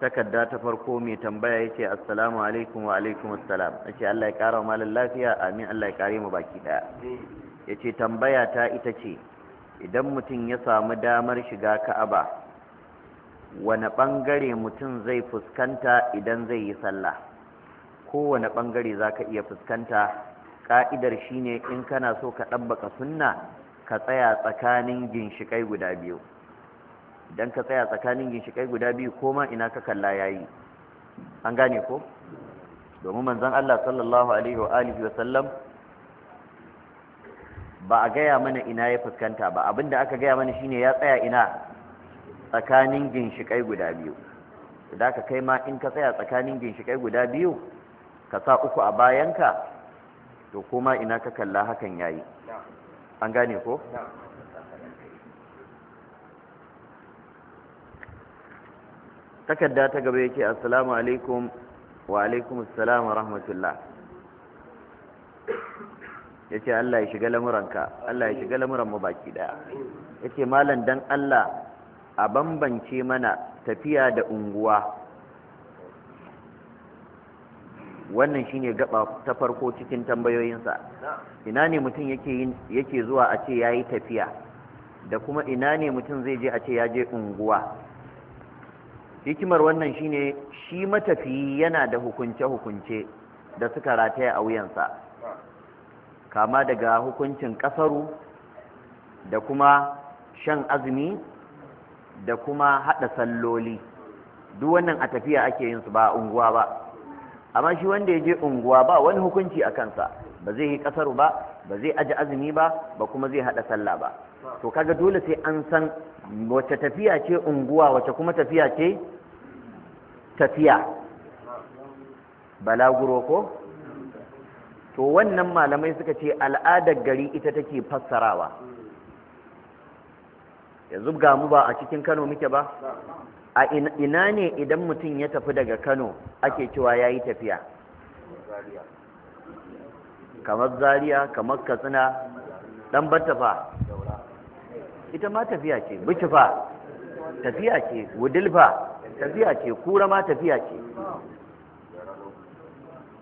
takarda ta farko mai tambaya yace assalamu alaikum wa alaikum assalam yace Allah ya kara mu lafiya amin Allah ya kare mu baki daya yace tambaya ta ita ce idan mutum ya samu damar shiga Ka'aba wani bangare mutum zai fuskanta idan zai yi sallah kowane bangare zaka iya fuskanta ka'idar shine in kana so ka dabbaka sunna ka tsaya tsakanin ginshikai guda biyu idan ka tsaya tsakanin ginshikai guda biyu ko ma ina ka kalla yayi an gane ko domin manzon Allah sallallahu alaihi wa alihi wa sallam ba a gaya mana ina ya fuskanta ba abinda aka gaya mana shine ya tsaya ina tsakanin ginshikai guda biyu da ka kai ma in ka tsaya tsakanin ginshikai guda biyu ka sa uku a bayanka to kuma ina ka kalla hakan yayi an gane ko takarda ta gaba yake assalamu alaikum wa alaikum assalam wa rahmatullah yace Allah ya shiga lamuranka Allah ya shiga lamuran mu baki daya yace malam dan Allah a bambance mana tafiya da unguwa wannan shine gaba ta farko cikin tambayoyinsa ina ne mutum yake yake zuwa a ce yayi tafiya da kuma ina ne mutum zai je a ce ya je unguwa hikimar wannan shine shi matafiyi yana da hukunce-hukunce da suka rataya a wuyansa kama daga hukuncin kasaru da kuma shan azumi da kuma hada salloli duk wannan a tafiya ake yin su ba unguwa ba amma shi wanda ya je unguwa ba wani hukunci a kansa ba zai yi kasaru ba ba zai aji azumi ba ba kuma zai hada sallah ba to kaga dole sai an san wace tafiya ce unguwa wace kuma tafiya ce tafiya balaguro ko to wannan malamai suka ce al'adar gari ita take fassarawa yanzu ga mu ba a cikin Kano muke ba a ina ne idan mutum ya tafi daga Kano ake cewa yayi tafiya kamar Zariya, kamar katsina dan batta ita ma tafiya ce bukifa tafiya ce wudil tafiya ce kura ma tafiya ce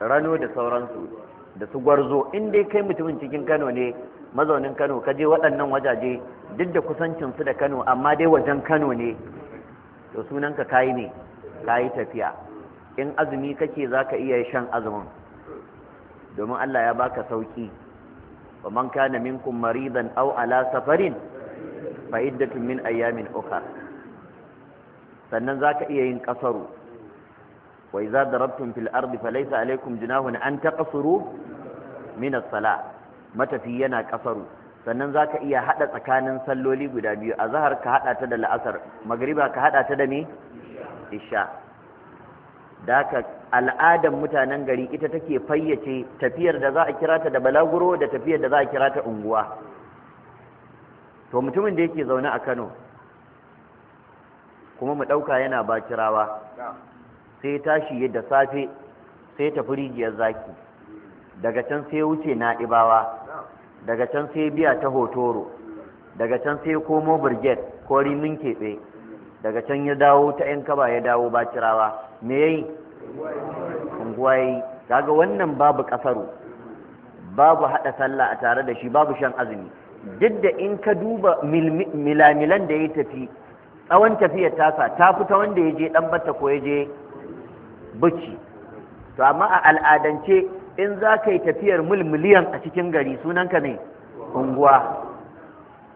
rano da sauransu da su gwarzo in dai kai mutumin cikin kano ne mazaunin kano ka je waɗannan wajaje duk da kusancinsu da kano amma dai wajen kano ne to sunanka kayi ne kayi tafiya in azumi kake za ka iya shan azumin domin Allah ya baka sauki wa man kana minkum maridan aw ala safarin fa iddatun min ayamin ukhra sannan zaka iya yin kasaru wa idza darabtum fil ardi falaysa alaykum junahun an taqsuru min as-salah matafi yana kasaru sannan zaka iya hada tsakanin salloli guda biyu azhar ka hada ta da la'asar magriba ka hada ta da me isha daka al'adan mutanen gari ita take fayyace tafiyar da za a kira ta da balaguro da tafiyar da za a kira ta unguwa to mutumin da yake zaune a kano kuma mu ɗauka yana bakirawa sai tashi da safe sai tafi rijiyar zaki daga can sai wuce na'ibawa daga can sai biya ta hotoro daga can sai komo birget ko rimin keɓe daga can ya dawo ta 'yan kaba ya dawo bakirawa me yayi unguwayi kaga wannan babu kasaro babu hada sallah a tare da shi babu shan azumi duk da in ka duba milamilan da ya tafi tsawon tafiyar tasa ta fita wanda ya je dan batta ko ya je buci to amma a al'adance in za ka yi tafiyar mil miliyan a cikin gari sunanka ne unguwa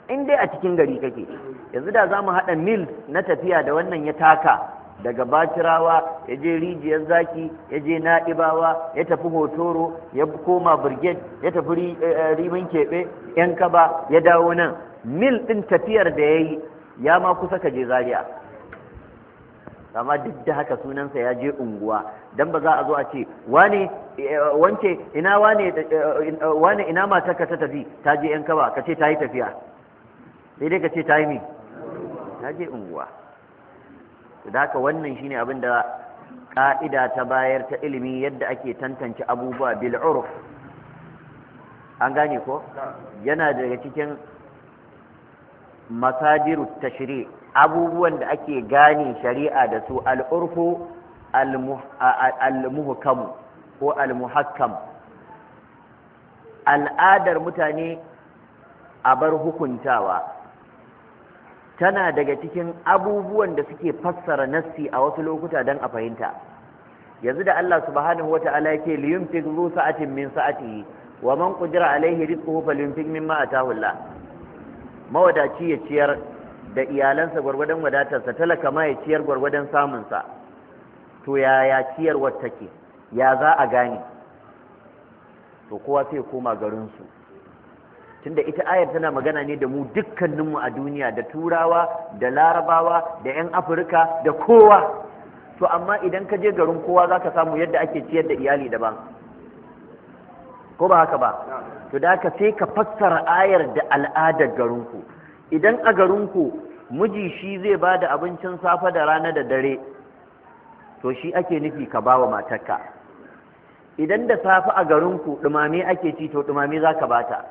in dai a cikin gari kake yanzu da za mu haɗa mil na tafiya da wannan ya taka daga batirawa ya je rijiyar zaki ya je na'ibawa ya tafi hotoro ya koma brigade ya tafi eh, eh, rimin keɓe yan kaba ya dawo nan mil ɗin tafiyar da ya yi ya ma kusa ka je zaria amma duk da haka sunansa ya je unguwa dan ba za a zo a ce wane eh, wance ina wane wane ina ta tafi ta je yan kaba ka ce ta yi tafiya sai dai ka ce ta yi mi ta je unguwa da haka wannan shine abin da ka'ida ta bayar ta ilimi yadda ake tantance abubuwa bil an gane ko yana daga cikin masadiru tashri abubuwan da ake gane shari'a da su al'urfu al ko al al'adar mutane a bar hukuntawa tana daga cikin abubuwan da suke fassara nassi a wasu lokuta don a fahimta yanzu da Allah subhanahu wata'ala yake fi zu sa'atin min sa'atihi wa man qudira alaihi rizquhu falyunfiq mimma ataahu Allah mawadaci ya ciyar da iyalansa gwargwadon wadatarsa talaka ma ya ciyar gwargwadon samun sa to ya ya ciyar ke ya za a gane to kowa sai koma garin su tunda ita ayar tana magana ne da mu dukkaninmu a duniya da turawa da larabawa da 'yan afirka da kowa to amma idan ka je garin kowa za ka samu yadda ake ciyar da iyali daban ko ba haka ba to da ka sai ka fassara ayar da al'adar garinku idan a garinku miji shi zai ba da abincin safe da rana da dare to shi ake nufi ka ba wa matarka idan da safe a garinku ɗumame ake ci to ɗumame za ka bata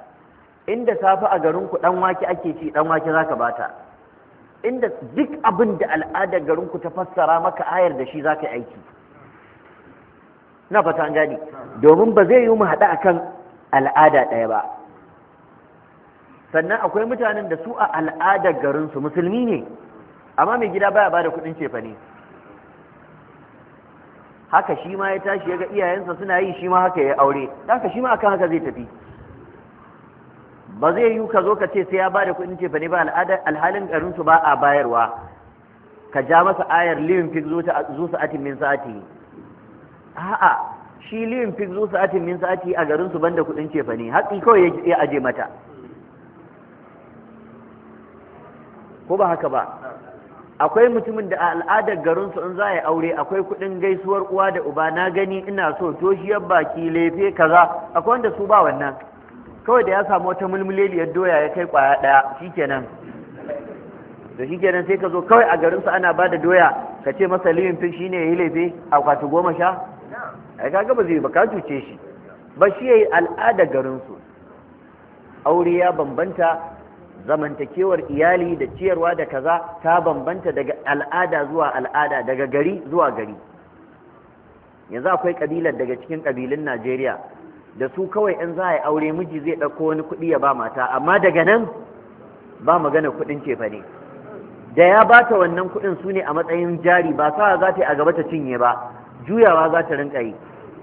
inda safe a garinku dan wake ake ci dan wake zaka bata inda duk abin da al'adar garinku ta fassara maka ayar da shi zaka aiki na fata an gani domin ba zai yi mu haɗa akan al'ada ɗaya ba sannan akwai mutanen da su a al'adar garinsu musulmi ne amma mai gida baya bada kuɗin cefa ne haka shi ma ya tashi ya ga iyayensa suna yi shi ma haka ya aure haka shi ma akan haka zai tafi ba zai yi ka zo ka ce sai ya da kuɗin ce ne ba alhalin garin su ba a bayarwa ka ja masa ayar liyin fik zo ta zo sa'atin min sa'ati a'a shi liyin fik zo sa'atin min sa'ati a garin su banda kuɗin cefane, ne haƙi kawai ya aje mata ko ba haka ba akwai mutumin da a al'adar garinsu in za a yi aure akwai kuɗin gaisuwar uwa da uba na gani ina so toshiyar baki lefe kaza akwai wanda su ba wannan kawai da ya samu wata mulmuleliyar doya ya kai kwaya ɗaya shikenan to shikenan sai ka zo kawai a garinsu ana ba da doya ka ce masa liyin shi shine ya yi laifi a kwatu goma sha ai ka gaba zai baka cuce shi ba shi ya yi al'ada garinsu aure ya bambanta zamantakewar iyali da ciyarwa da kaza ta bambanta daga al'ada zuwa al'ada daga gari zuwa gari yanzu akwai kabilar daga cikin kabilun najeriya da su kawai in za a yi aure miji zai ɗauko wani kuɗi ya ba mata amma daga nan ba magana kuɗin ce fa ne da ya ba ta wannan kuɗin su ne a matsayin jari ba sa za ta yi a gaba ta cinye ba juyawa za ta rinka yi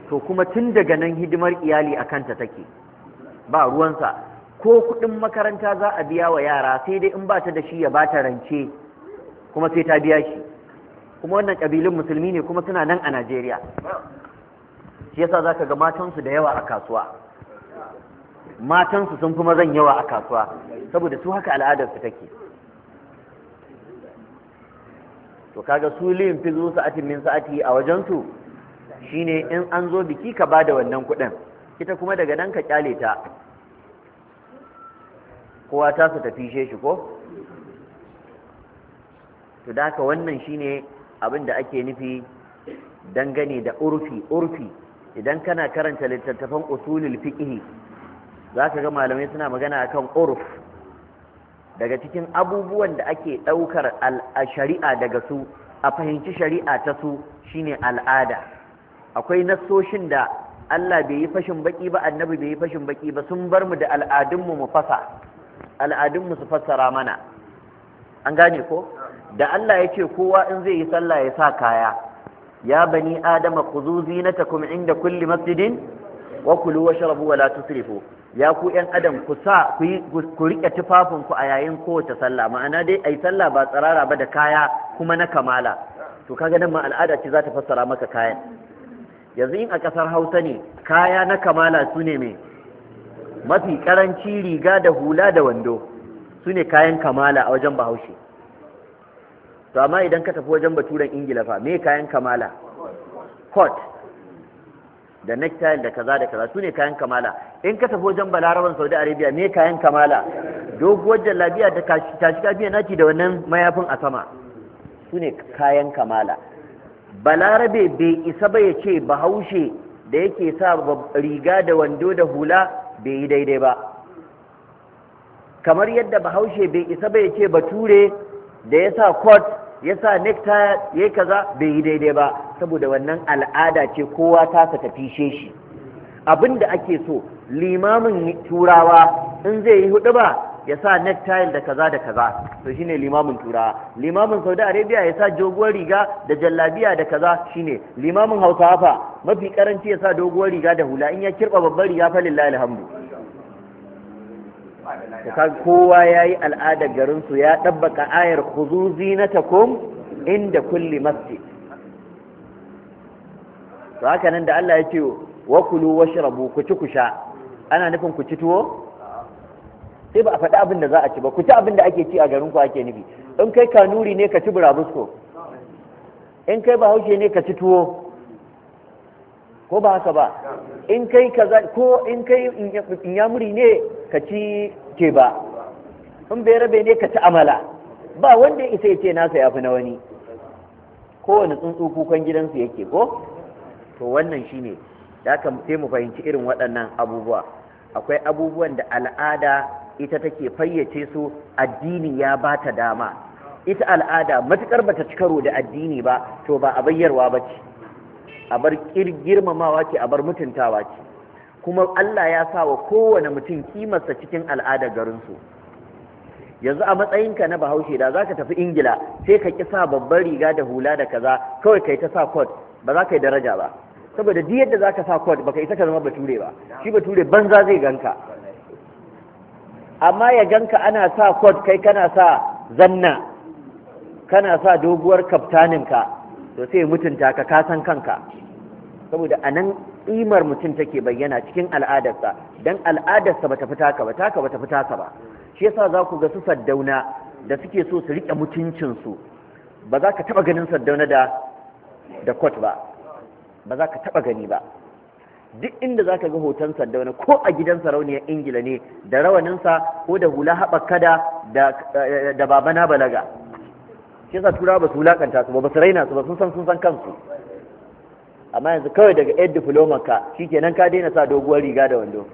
to kuma tun daga nan hidimar iyali a kanta take ba ruwansa ko kuɗin makaranta za a biya wa yara sai dai in ba ta da shi ya ba ta rance kuma sai ta biya shi kuma wannan ƙabilun musulmi ne kuma suna nan a najeriya shi yasa zaka ga matansu da yawa a kasuwa matansu sun fi mazan yawa a kasuwa saboda su haka al'adar su take to kaga su liyin fi sa'atin min sa'ati a wajen su shine in an zo biki ka bada wannan kuɗin ita kuma daga nan ka kyale ta kowa ta su tafi shi ko to da haka wannan shine abin da ake nufi dangane da urfi urfi idan kana karanta littattafan usulul fiqh zaka ga malamai suna magana akan uruf daga cikin abubuwan da ake daukar shari'a daga su a fahimci shari'a ta su shine al'ada akwai nassoshin da Allah bai yi fashin baki ba annabi bai yi fashin baki ba sun bar mu da al'adunmu mu fasa al'adunmu su fassara mana an gane ko da Allah ya ce kowa in zai yi sallah ya sa kaya ya bani adama khuzu zinatakum inda kulli masjidin wa kulu washrabu la tusrifu ya ku yan adam ku sa ku riƙe tufafinku a yayin kowace sallah ma'ana dai ai sallah ba tsarara ba da kaya kuma na kamala to kaga nan ma al'ada ce za ta fassara maka kayan yanzu in a ƙasar Hausa ne kaya na kamala su ne me mafi karanci riga da hula da wando Sune kayan kamala a wajen Bahaushe to amma idan ka tafi wajen baturan ingila fa me kayan kamala court da necktie da kaza da kaza su ne kayan kamala in ka tafi wajen balaraban saudi arabia me kayan kamala doguwar jallabiya da tashi kafiya naki da wannan mayafin a sama su ne kayan kamala balarabe bai isa ba ya ce bahaushe da yake sa riga da wando da hula bai yi daidai ba kamar yadda bahaushe bai isa ba ya ce bature da ya sa court ya sa necktie ya yi kaza bai yi daidai ba saboda wannan al'ada ce kowa ta sa tafi shi abin da ake so limamin turawa in zai yi hudu ba ya sa necktie da kaza da kaza to shine limamin turawa limamin saudi arabia ya sa doguwar riga da jallabiya da kaza shine limamin hausawa fa mafi karanci ya sa doguwar riga da hula in ya kirba babbar riga fa lillahi alhamdu to ka kowa yayi al'adar garin su ya dabbaka ayar khuzu zinatakum inda kulli masjid to haka nan da Allah ya ce wa kulu washrabu ku ci ku sha ana nufin ku ci tuwo sai ba a faɗi abin da za a ci ba ku ci abin da ake ci a garin ku ake nufi in kai kanuri ne ka ci burabusko in kai bahaushe ne ka ci tuwo ko ba haka ba in kai kaza ko in kai inyamuri ne ka ci ke ba in bai rabe ne ka ci amala ba wanda ya isa ya ce nasa ya fi na wani kowane tsuntsu kukan gidansu yake ko to wannan shine da aka sai mu fahimci irin waɗannan abubuwa akwai abubuwan da al'ada ita take fayyace su addini ya ba ta dama ita al'ada matuƙar ba ta ci karo da addini ba to ba a bayyarwa ba ce a bar girmamawa ce a bar mutuntawa ce kuma Allah ya sa wa kowane mutum kimarsa cikin al'adar garinsu yanzu a matsayinka na bahaushe da za ka tafi ingila sai ka ƙi sa babban riga da hula da kaza kawai ka yi ta sa kot ba za ka yi daraja ba saboda duk yadda za ka sa kot baka isa ka zama bature ba shi bature banza zai ganka amma ya ganka ana sa kot kai kana sa zanna kana sa doguwar kaftaninka to sai mutunta ka kasan kanka saboda a Ƙimar mutum take bayyana cikin al'adarsa don al'adarsa ta fi taka ba taka bata fi ka ba shi yasa za ku ga su saddauna da suke so su riƙe mutuncinsu, ba za ka taɓa ganin saddauna da da kot ba ba za ka taɓa gani ba duk inda za ka ga hoton saddauna ko a gidan sarauniyar ingila ne da rawaninsa ko da hula haɓakada da babana balaga shi yasa turawa ba su wulaƙanta su ba ba su raina su ba sun san sun san kansu amma yanzu kawai daga yar diploma ka kenan ka daina sa doguwar riga da wando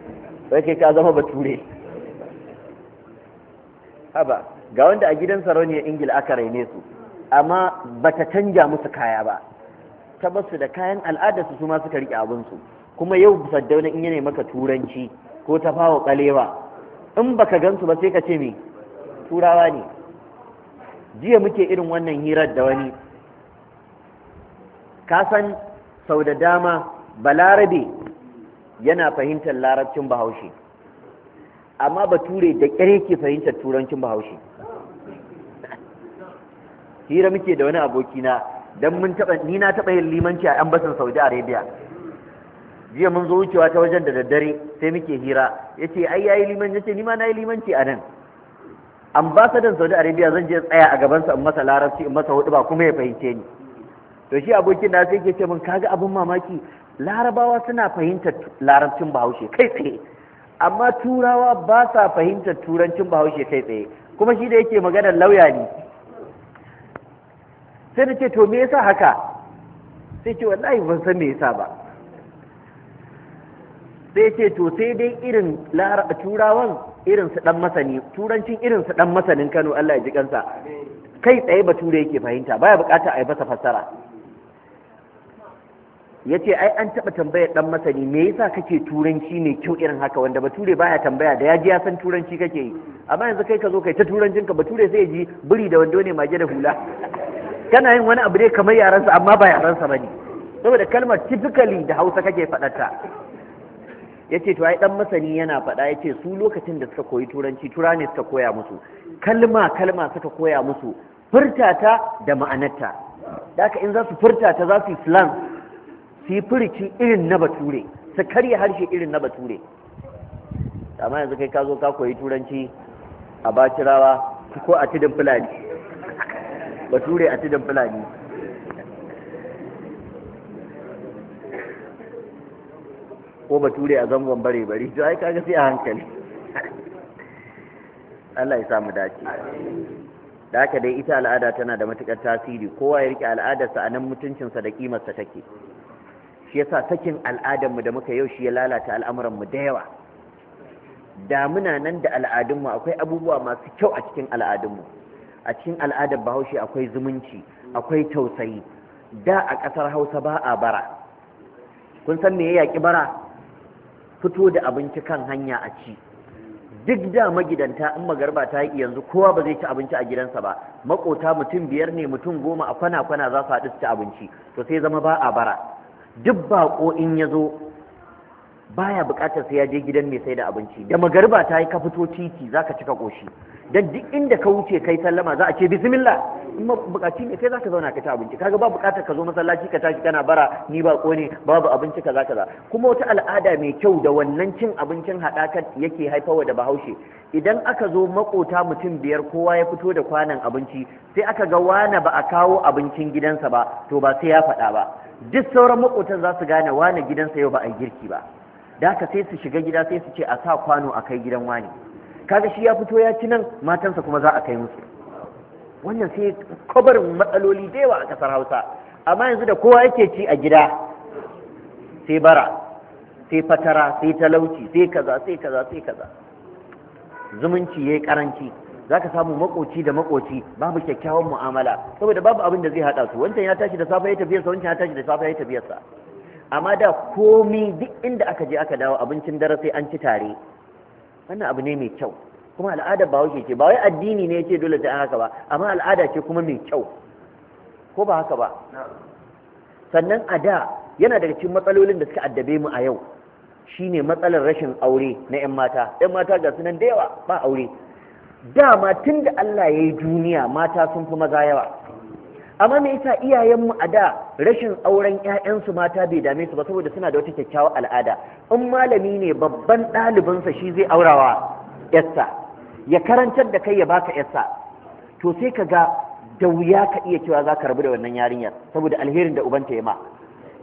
sai kai ka zama bature haba ga wanda a gidan sarauniyar ingila aka raine su amma ba ta canja musu kaya ba ta basu da kayan al'adarsu su ma suka rike abinsu kuma yau saddauna in yanayi maka turanci ko ta fawo kalewa in baka gansu ba sai ka ce me turawa ne jiya muke irin wannan hirar da wani ka san sau da dama balarabe yana fahimtar larabcin bahaushe amma bature da kyar ke fahimtar turancin bahaushe hira muke da wani abokina don mun taɓa ni na taɓa yin limanci a ambasan saudi arabia jiya mun zo wucewa ta wajen da daddare sai muke hira ya ce ai yayi limanci ce ni ma na yi limanci a nan ambasadan saudi arabia zan je tsaya a gabansa in masa larabci in masa hudu ba kuma ya fahimce ni to shi abokin na sai ke ce min kaga abin mamaki larabawa suna fahimtar larabcin bahaushe kai tsaye amma turawa ba sa fahimtar turancin bahaushe kai tsaye kuma shi da yake maganar lauya ne sai da ce to me yasa haka sai ce wallahi ban san me yasa ba sai ce to sai dai irin turawan irin su dan masani turancin irin su dan masanin Kano Allah ya ji kansa kai tsaye bature yake fahimta baya bukata a yi masa fassara ya ce ai an taɓa tambayar ɗan masani me yasa kake turanci mai kyau irin haka wanda bature baya tambaya da ya ji ya san turanci kake yi amma yanzu kai ka zo kai ta turancin ka bature sai ya ji biri da wando ne mage da hula kana yin wani abu ne kamar yaransa amma ba yaransa bane saboda kalmar typically da hausa kake faɗarta ya ce to ai ɗan masani yana faɗa ya ce su lokacin da suka koyi turanci tura ne suka koya musu kalma kalma suka koya musu furtata da ma'anarta da in za su furtata za su yi slang su yi irin na bature su karya harshe irin na bature amma yanzu kai ka zo ka koyi turanci a bacirawa ko a tidin fulani bature a tidin fulani ko bature a zangon bare bare to ai kaga sai a hankali Allah ya samu dace da haka dai ita al'ada tana da matukar tasiri kowa ya rike al'adarsa a nan mutuncinsa da kimarsa take shi yasa sakin al'adarmu da muka yau shi ya lalata al'amuranmu da yawa damuna nan da al'adunmu akwai abubuwa masu kyau a cikin al'adunmu a cikin al'adar bahaushe akwai zumunci akwai tausayi da a ƙasar hausa ba a bara kun san me ya yaƙi bara fito da abinci kan hanya a ci duk da magidanta in magarba ta yi yanzu kowa ba zai ci abinci a gidansa ba makota mutum biyar ne mutum goma a kwana-kwana za su haɗu su ci abinci to sai zama ba a bara duk baƙo in ya zo baya buƙatar sai ya je gidan mai sai da abinci da magarba ta yi ka fito titi zaka cika koshi dan duk inda ka wuce kai sallama za a ce bismillah in ma buƙaci ne kai zaka zauna ka ci abinci kaga ba buƙatar ka zo masallaci ka tashi kana bara ni ba ko ne babu abinci kaza kaza kuma wata al'ada mai kyau da wannan cin abincin haɗaka yake haifawa da bahaushe idan aka zo makota mutum biyar kowa ya fito da kwanan abinci sai aka ga wane ba a kawo abincin gidansa ba to ba sai ya faɗa ba duk sauran makotan za su gane wane gidansa yau ba a girki ba da haka sai su shiga gida sai su ce a sa kwano a kai gidan wani kaga shi ya fito ya ci nan matansa kuma za a kai musu wannan sai kwabarin matsaloli da yawa a kasar hausa amma yanzu da kowa yake ci a gida sai bara sai fatara sai talauci sai kaza sai kaza sai kaza zumunci yayi karanci za ka samu makoci da makoci babu kyakkyawan mu'amala saboda babu abin da zai haɗa su wancan ya tashi da safe ya tafiyarsa wancan ya tashi da safe ya tafiyarsa amma da komi duk inda aka je aka dawo abincin dare sai an ci tare wannan abu ne mai kyau kuma al'ada ba wuce ce ba wai addini ne ce dole sai haka ba amma al'ada ce kuma mai kyau ko ba haka ba sannan a da yana daga cikin matsalolin da suka addabe mu a yau shine matsalar rashin aure na 'yan mata 'yan mata ga sunan da yawa ba aure dama tun da Allah ya yi duniya mata sun fi maza yawa amma me yasa iyayenmu a da rashin auren 'ya'yansu mata bai dame su ba saboda suna da wata kyakkyawar al'ada in malami ne babban ɗalibinsa shi zai aurawa yassa ya karantar da kai ya baka yassa to sai ka ga da wuya ka iya cewa za ka rabu da wannan yarinyar saboda alherin da ubanta ya ma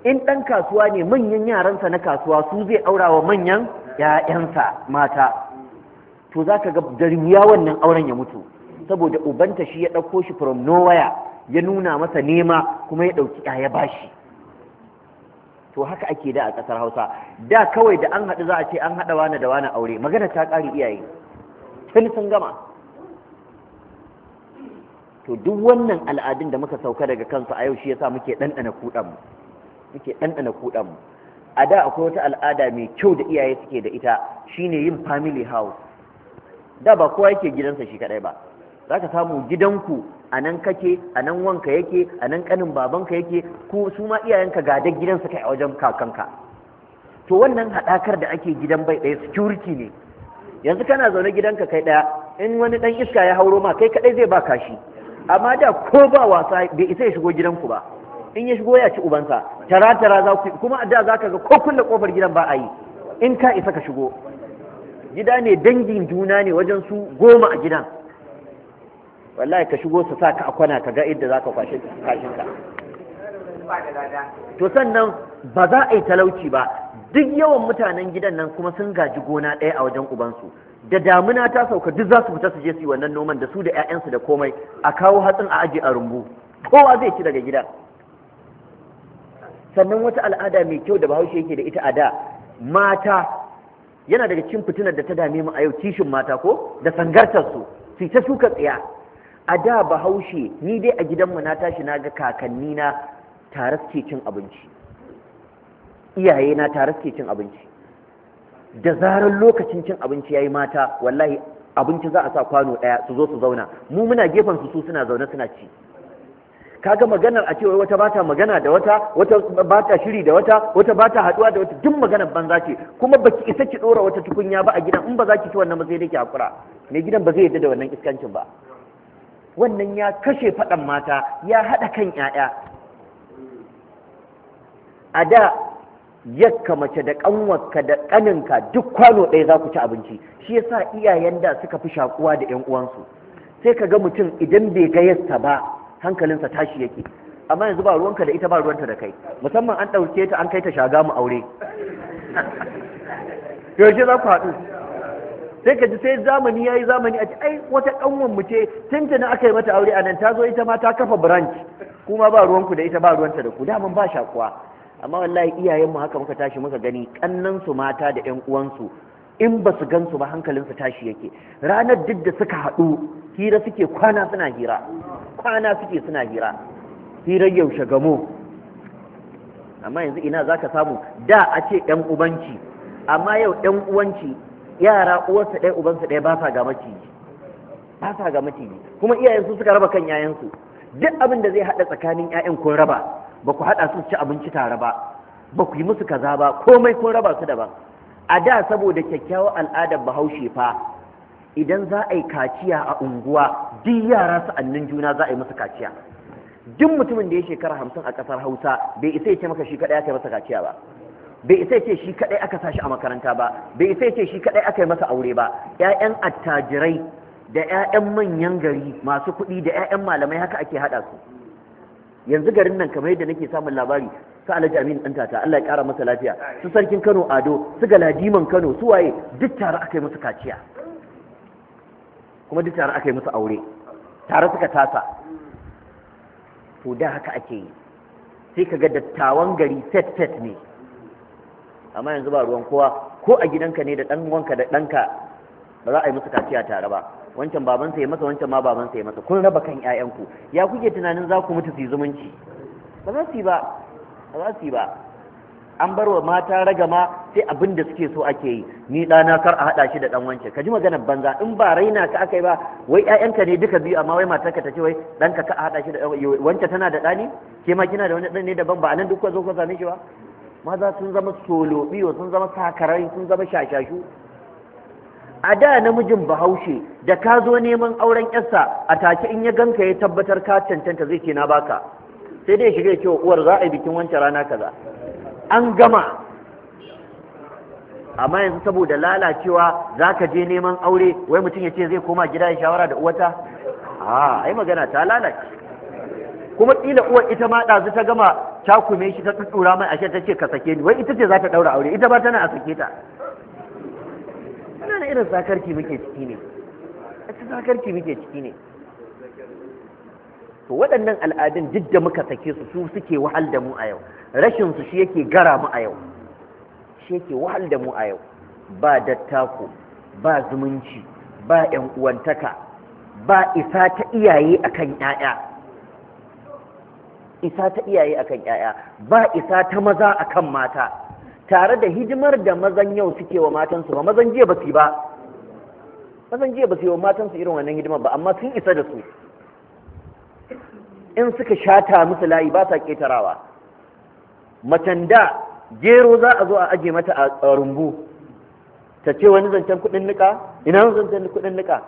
in ɗan kasuwa ne manyan yaransa na kasuwa su zai aurawa manyan ‘ya'yansa mata to za ka ga da wuya wannan auren ya mutu saboda ubanta shi ya ɗauko shi from nowhere ya nuna masa nema kuma ya ɗauki ya bashi to haka ake da a ƙasar hausa da kawai da an haɗu za a ce an haɗa wani da wani aure magana ta ƙari iyaye tun sun gama to duk wannan al'adun da muka sauka daga kansu a yau shi yasa muke ɗanɗana kuɗanmu muke ɗanɗana kuɗanmu a da akwai wata al'ada mai kyau da iyaye suke da ita shine yin family house da ba kowa yake gidansa shi kaɗai ba za ka samu gidanku a nan kake a nan wanka yake a nan kanin babanka yake ko su ma iyayenka ga gidan gidansa kai a wajen kakanka to wannan haɗakar da ake gidan bai ɗaya security ne yanzu kana zaune gidanka kai ɗaya in wani ɗan iska ya hauro ma kai kaɗai zai baka shi amma da ko ba wasa bai isa ya shigo gidanku ba in ya shigo ya ci ubansa tara tara za ku kuma da za ka ga ko kulle kofar gidan ba a yi in ka isa ka shigo gida ne dangin juna ne wajen su goma a gidan wallahi ka shigo su sa ka a kwana ka ga inda za ka kwashe kashinka to sannan ba za a yi talauci ba duk yawan mutanen gidan nan kuma sun gaji gona ɗaya a wajen ubansu da damuna ta sauka duk za su fita su je su yi wannan noman da su da 'ya'yansu da komai a kawo hatsin a aji a rumbu kowa zai ci daga gida sannan wata al'ada mai kyau da bahaushe yake da ita a da mata yana daga cikin fitinar da ta dame mu a yau kishin mata ko da sangartar su su ta shuka tsiya a da bahaushe ni dai a gidanmu na tashi na ga kakanni na tare suke cin abinci iyaye na tare suke cin abinci da zarar lokacin cin abinci yayi mata wallahi abinci za a sa kwano daya su zo su zauna mu muna gefen su su suna zaune suna ci kaga maganar a cewa wata bata magana da wata wata bata shiri da wata wata bata haduwa da wata duk maganar banza ce kuma baki isa ki dora wata tukunya ba a gidan in ba za ki ci wannan ba sai ke hakura mai gidan ba zai yadda da wannan iskancin ba wannan ya kashe faɗan mata ya haɗa kan 'ya'ya a da yakka mace da ƙanwarka da ƙaninka duk kwano ɗaya za ku ci abinci shi yasa iyayen da suka fi shakuwa da 'yan uwansu sai ka ga mutum idan bai ga yasta ba hankalinsa tashi yake amma yanzu ba ruwanka da ita ba ruwanta da kai musamman an ɗauke ta an kai ta shaga mu aure yaushe za ku haɗu sai ka ji sai zamani ya yi zamani a ai wata kanwar mu ce na aka yi mata aure anan ta zo ita ma ta kafa branch kuma ba ruwanku da ita ba ruwanta da ku da mun ba shakuwa amma wallahi iyayenmu haka muka tashi muka gani ƙannansu mata da ƴan uwansu in ba su gansu ba su tashi yake ranar duk da suka haɗu hira suke kwana suna hira kwana suke suna hira hirar yaushe gamo amma yanzu ina za ka samu da a ce ‘yan uwanci amma yau ‘yan uwanci yara uwarsa ɗaya ubansa ɗaya ba sa ga maciji ba sa ga maciji kuma iyayen su suka raba kan yayansu duk abin da zai haɗa tsakanin yayan kun raba ba ku haɗa su ci abinci tare ba ba ku yi musu kaza ba komai kun raba su daban a da saboda kyakkyawar al'adar bahaushe fa idan za a yi kaciya a unguwa duk yara su annin juna za a yi musu kaciya duk mutumin da ya shekara hamsin a ƙasar hausa bai isa ya ce maka shi kaɗai ya kai masa kaciya ba bai isa ce shi kadai aka sashi a makaranta ba bai isa ce shi kadai aka yi masa aure ba ƴaƴan attajirai da ƴaƴan manyan gari masu kuɗi da ƴaƴan malamai haka ake hada su yanzu garin nan kamar yadda nake samun labari su Alhaji Amin dan tata Allah ya kara masa lafiya su sarkin Kano Ado su Galadiman Kano su waye duk tare aka yi musu kaciya kuma duk tare aka yi musu aure tare suka tasa to da haka ake yi sai kaga dattawan gari set set ne amma yanzu ba ruwan kowa ko a gidanka ne da dan wanka da danka ba za a yi musu kaciya tare ba wancan baban sai masa wancan ma baban sai masa kun raba kan ƴaƴanku ya kuke tunanin za ku mutu su zumunci ba za su yi ba ba za su yi ba an bar wa mata ragama sai abin da suke so ake yi ni ɗana kar a haɗa shi da ɗan wancan ka ji maganar banza in ba raina ka aka yi ba wai ƴaƴanka ne duka biyu amma wai matarka ta ce wai ɗanka ka a haɗa shi da wancan tana da ɗani ke ma kina da wani ɗan ne daban ba a nan duk zo ka same shi ba maza sun zama solobiyo sun zama sakarai sun zama shashashu a da namijin bahaushe da ka zo neman auren yarsa a take in ya ganka ya tabbatar ka cancanta zai ce na baka sai dai shiga cewa uwar za a yi bikin wancan rana kaza an gama amma yanzu saboda lalacewa za ka je neman aure wai mutum ya ce zai koma gida ya shawara da uwata a ai magana ta lalace kuma kila uwar ita ma ɗazu ta gama cakume shi ta tsura mai ashe ta ce ka sake ni wai ita ce za ta daura aure ita ba tana a sake ta wannan irin zakarki muke ciki ne ita zakarki muke ciki ne to waɗannan al'adun duk da muka sake su su suke wahal da mu a yau rashin su shi yake gara mu a yau shi yake wahal da mu a yau ba dattako ba zumunci ba ƴan uwantaka ba isa ta iyaye akan 'ya'ya isa ta iyaye akan yaya ba isa ta maza akan mata tare da hidimar da mazan yau suke wa matansu ba mazan jiya ba su ba mazan jiya ba su yi wa matansu irin wannan hidimar ba amma sun isa da su in suka shata musu layi ba sa ketarawa macen da gero za a zo a aje mata a rumbu ta ce wani zancen kuɗin nika ina zancen kuɗin nika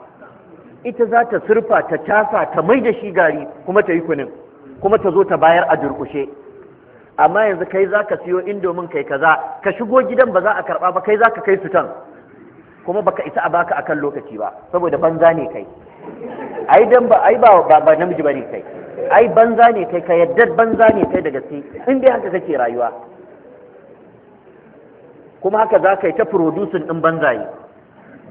ita za ta surfa ta casa ta mai da shi gari kuma ta yi kunin kuma ta zo ta bayar a durkushe amma yanzu kai za ka siyo indomin kai kaza ka shigo gidan ba za a karɓa ba kai za ka kai sutan kuma baka isa a baka akan lokaci ba saboda banza ne kai ai dan ba ai ba ba namiji bane kai ai banza ne kai ka yadda banza ne kai da gaske in dai haka kake rayuwa kuma haka za ka yi ta ɗin banza yi.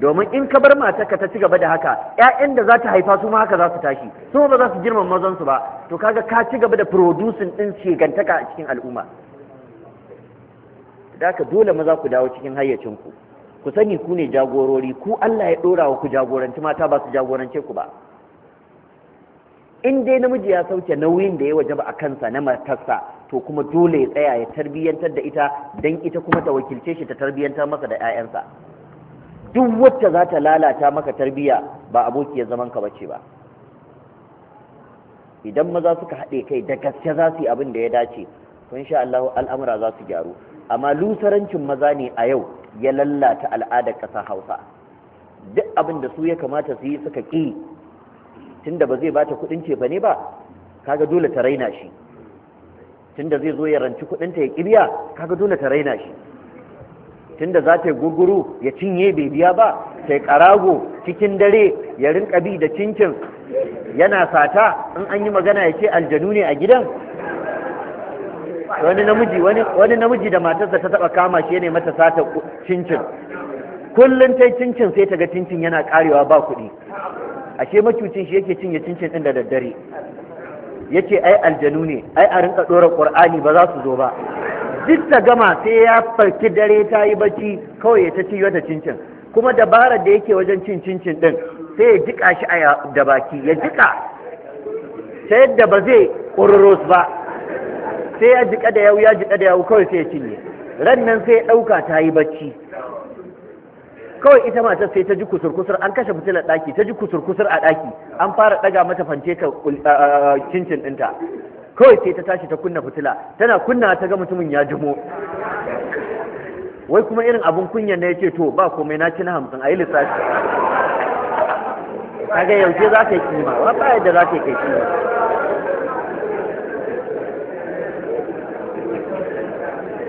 domin in ka bar matarka ta ci gaba da haka ƴaƴan da za ta haifa su ma haka za su tashi su ba za su girma mazan su ba to kaga ka ci gaba da producing din shegantaka a cikin al'umma da ka dole maza ku dawo cikin hayyacinku, ku ku sani ku ne jagorori ku Allah ya dora wa ku jagoranci mata ba su jagorance ku ba in dai namiji ya sauke nauyin da ya wajaba a kansa na matarsa to kuma dole ya tsaya ya tarbiyyantar da ita dan ita kuma ta wakilce shi ta tarbiyyantar masa da 'ya'yansa duk wacce za ta lalata maka tarbiya ba abokiyar zaman ka bace ba idan maza suka haɗe kai da gaske za su yi abin da ya dace to insha Allah al'amura za su gyaru amma lusarancin maza ne a yau ya lallata al'adar ƙasa Hausa duk abin da su ya kamata su yi suka ƙi tunda ba zai bata kuɗin ce ba ne ba kaga dole ta raina shi tunda zai zo ya ranci kuɗinta ya kirya kaga dole ta raina shi tunda za ta gurguru ya cinye bai biya ba sai karago cikin dare ya rinka bi da cincin yana sata in an yi magana ya ce aljanu ne a gidan wani namiji da matarsa ta taba kama shi ne mata sata cincin kullun ta cincin sai ta ga cincin yana karewa ba kuɗi ashe macucin shi yake cinye cincin din da daddare yace ai aljanu ne ai a rinka dora qur'ani ba za su zo ba duk da gama sai ya farki dare ta yi bacci kawai ya ta ci wata cincin kuma dabarar da yake wajen cin cincin din sai ya jika shi a da baki ya jika ta yadda ba zai ƙororos ba sai ya jika da yau ya jika da yau kawai sai ya cinye ran nan sai ya ɗauka ta yi bacci kawai ita matar sai ta ji kusur-kusur an kashe fitilar ɗaki ta ji kusur-kusur a ɗaki an fara ɗaga mata fance ta cincin ɗinta kawai sai ta tashi ta kunna fitila tana kunna ta ga mutumin ya jimo wai kuma irin abun kunyan na yace to ba komai na ci na hamsin a yi lissafi kaga yaushe za ka yi kima ba ba yadda za ka yi kai kima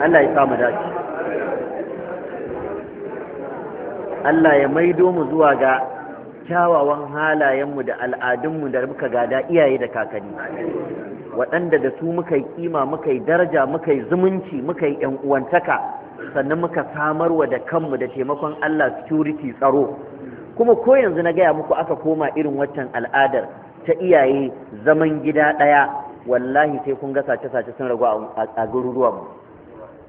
Allah ya samu dace Allah ya maido mu zuwa ga kyawawan halayenmu da al'adunmu da muka gada iyaye da kakanni waɗanda da su muka yi kima muka yi daraja muka yi zumunci muka yi ‘yan uwantaka sannan muka samarwa da kanmu da taimakon Allah security tsaro kuma ko yanzu na gaya muku aka koma irin waccan al'adar ta iyaye zaman gida ɗaya wallahi sai kun ga sace-sace sun ragu a garuruwanmu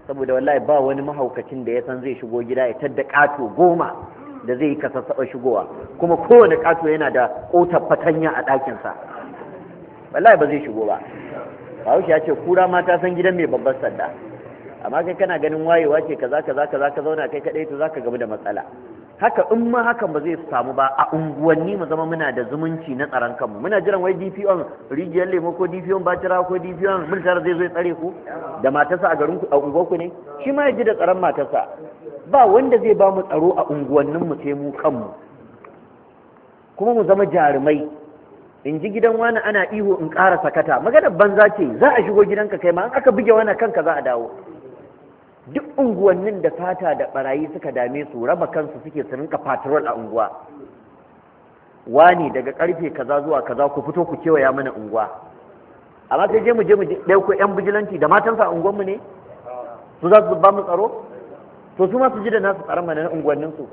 saboda wallahi ba wani mahaukacin da ya san zai shigo gida ya tadda ƙato goma da zai yi kasassaɓa shigowa kuma kowane ƙato yana da ƙotar fatanya a ɗakinsa wallahi ba zai shigo ba bahaushe ya ce kura ma ta san gidan mai babbar sanda amma kai kana ganin wayewa ce kaza kaza kaza ka zauna kai kadai to zaka gamu da matsala haka in ma hakan ba zai samu ba a unguwanni mu zama muna da zumunci na tsaron kanmu muna jiran wai DPO rijiyar lemo ko DPO batira ko DPO militar zai zo ya tsare ku da matarsa a garin ku a unguwarku ne shi ma ya ji da tsaron matarsa ba wanda zai ba mu tsaro a unguwannin mu sai mu kanmu kuma mu zama jarumai in ji gidan wani ana ihu in ƙara sakata magana banza ce za a shigo gidanka kai ma an aka buge wani kanka za a dawo duk unguwannin da fata da barayi suka dame su raba kansu suke su rinka patrol a unguwa wani daga karfe kaza zuwa kaza ku fito ku kewaya mana unguwa amma sai je mu je mu ɗaya yan bijilanci da matansa a unguwanmu ne su za su ba mu tsaro to su ma su ji da nasu tsaron mana na unguwanninsu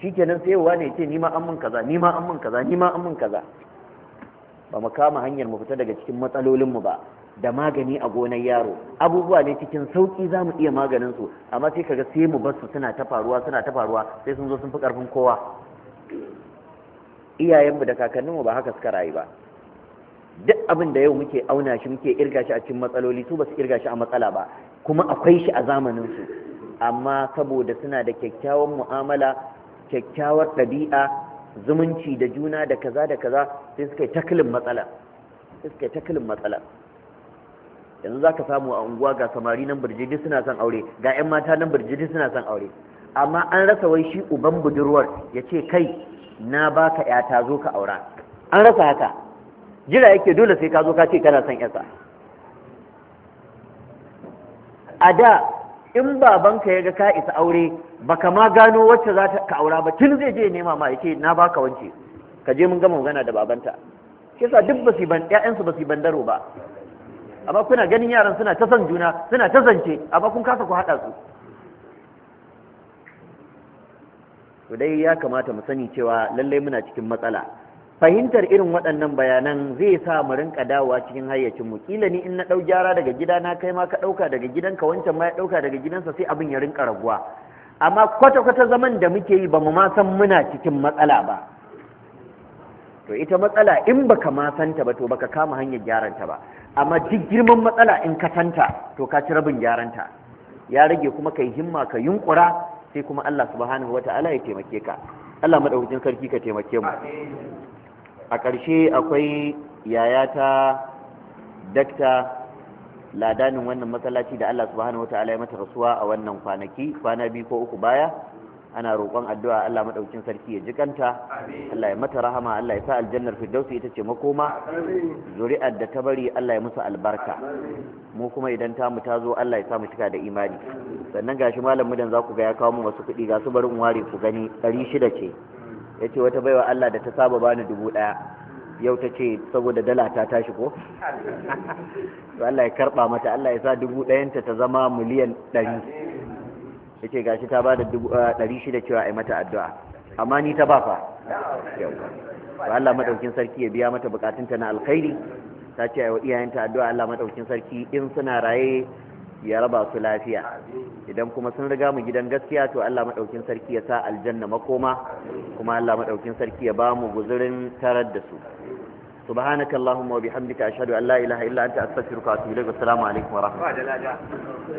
shikenan sai wa ne ce ni ma an mun kaza ni ma an mun kaza ni ma an mun kaza ba mu kama hanyar mu fita daga cikin matsalolin mu ba da magani a gonar yaro abubuwa ne cikin sauki za mu iya maganin su amma sai kaga sai mu basu suna ta faruwa suna ta faruwa sai sun zo sun fi karfin kowa mu da kakanninmu ba haka suka rayu ba duk abin da yau muke auna shi muke irga shi a cikin matsaloli su ba su irga shi a matsala ba kuma akwai shi a zamanin su. amma saboda suna da kyakkyawan mu'amala kyakkyawar ɗabi'a zumunci da juna da kaza da kaza sai suka yi taklin matsala sai suka yi taklin matsala yanzu za ka samu a unguwa ga samari nan birjiji suna son aure ga 'yan mata nan birjiji suna son aure amma an rasa wai shi uban budurwar ya ce kai na ba ka yata zo ka aura an rasa haka jira yake dole sai ka zo ka ce kana son yasa a da in babanka ya ga ka isa aure baka ma gano wacce za ka aura ba tun zai je nema ma yake na baka wance ka je mun gama magana da babanta shi yasa duk ba su ban ƴaƴansu ba su bandaro ba amma kuna ganin yaran suna ta san juna suna ta zance amma kun kasa ku haɗa su to dai ya kamata mu sani cewa lallai muna cikin matsala fahimtar irin waɗannan bayanan zai sa mu rinka dawowa cikin hayyacin mu kila ni in na dau gyara daga gida na kai ma ka ɗauka daga gidanka wancan ma ya ɗauka daga gidansa sai abin ya rinka raguwa amma kwata-kwata zaman da muke yi ba mu ma san muna cikin matsala ba to ita matsala in baka ma san ta ba to baka kama hanyar gyaran ta ba amma duk girman matsala in ka san ta to ka ci rabin ta ya rage kuma kai himma ka yunkura sai kuma Allah subhanahu wata'ala ya taimake ka Allah madaukakin sarki ka taimake mu a ƙarshe akwai yayata dakta ladanin wannan masallaci da Allah subhanahu wata'ala ya mata rasuwa a wannan kwanaki kwana biyu ko uku baya ana roƙon addu'a Allah madaukin sarki ya jikanta Allah ya mata rahama Allah ya sa aljannar firdausi ita ce makoma zuri'ar da ta bari Allah ya musu albarka mu kuma idan ta mu tazo Allah ya sa mu cika da imani sannan gashi malam mudan za ku ga ya kawo mu wasu kuɗi ga su bari in ware ku gani ɗari shida ce ya ce wata baiwa Allah da ta saba bani dubu ɗaya yau ta ce saboda dala ta tashi ko to Allah ya karɓa mata Allah ya sa dubu ɗayanta ta zama miliyan ɗari ya ce gashi ta ba da eh, ɗari shida cewa a yi mata addu'a amma ni ta ba fa yau Allah maɗaukin sarki ya biya mata bukatunta na alkhairi ta ce wa iyayenta addu'a Allah maɗaukin sarki in suna raye ya raba su lafiya idan kuma sun riga mu gidan gaskiya to Allah madaukin sarki ya sa aljanna makoma kuma Allah madaukin sarki ya ba mu guzurin tarar da su subhanaka allahumma wa bihamdika ashhadu an la illa anta astaghfiruka wa atubu ilaik assalamu alaikum wa